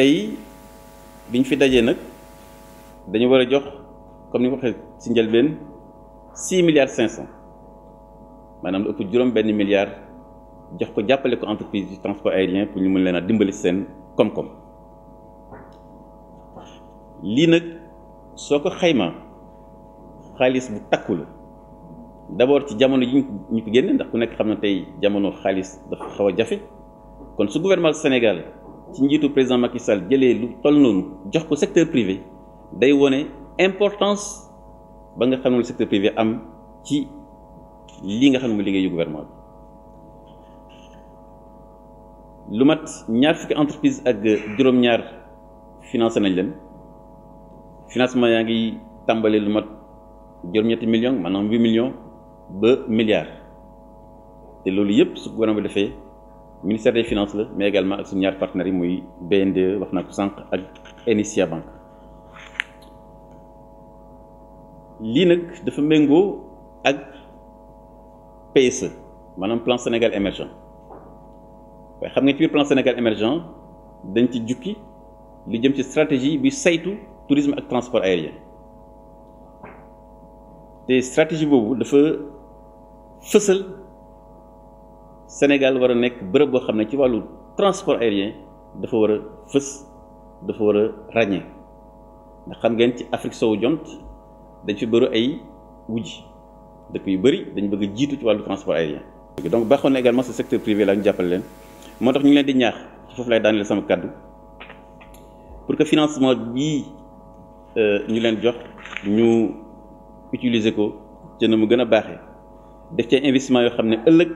tey biñ fi dañu jox comme ni milliards 500. manam ëpp juróom benn milliard jox ko du transport aérien pour ñu dimbali sen comme comme. li nak soko xeyma xaliss bu d'abord ci jamono ñu ndax ku gouvernement sénégalais ci njiitu président Macky Sall jëlee lu toll noonu jox ko secteur privé day wone importance ba nga xamul secteur privé am ci li nga xam ne liggéeyu gouvernement bi lu mat ñaar fukki entreprise ak juróom-ñaar financé nañ leen financement yaa ngi tàmbalee lu mat juróom-ñetti millions maanaam 8 millions ba milliards te loolu yëpp su gouvernement bi defee ministère des finances mais également avec son ñaar BND, yi muy BNDE wax Enicia Banque lii de dafa avec PSE maanaam plan Sénégal émergent Vous savez, nga ci plan Sénégal émergent dañ ci jukki lu jëm ci stratégie bi saytu tourisme ak transport aérien Cette stratégie de dafa fësal Sénégal war a nekk bërëb boo xam ne ci wàllu transport aérien dafa war a fës dafa war a ràññee ndax xam ngeen ci Afrique sowu jant dañ fi bëru ay wujj dëkk yu bëri dañ bëgg a jiitu ci wàllu transport aérien. donc baaxoon na également ce secteur privé la ñu jàppale leen moo tax ñu ngi leen di ñaax ci foofu lay daaneel sama kaddu pour que financement bii euh, ñu leen jox ñu utiliser ko ci na mu gën a baaxee def ci investissement yoo xam ne ëllëg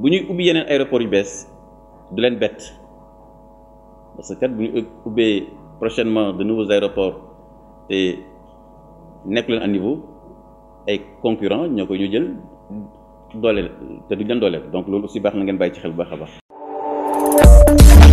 bu ñuy ubbi yeneen aéroport yu bees du leen bett parce que kat bu ñu ubbee prochainement de nouveaux aéroports te nekk leen à niveau ay concurrents ñoo ko ñu jël dooleel te du leen dooleel donc loolu aussi baax na ngeen bàyyi ci xel bu baax a baax.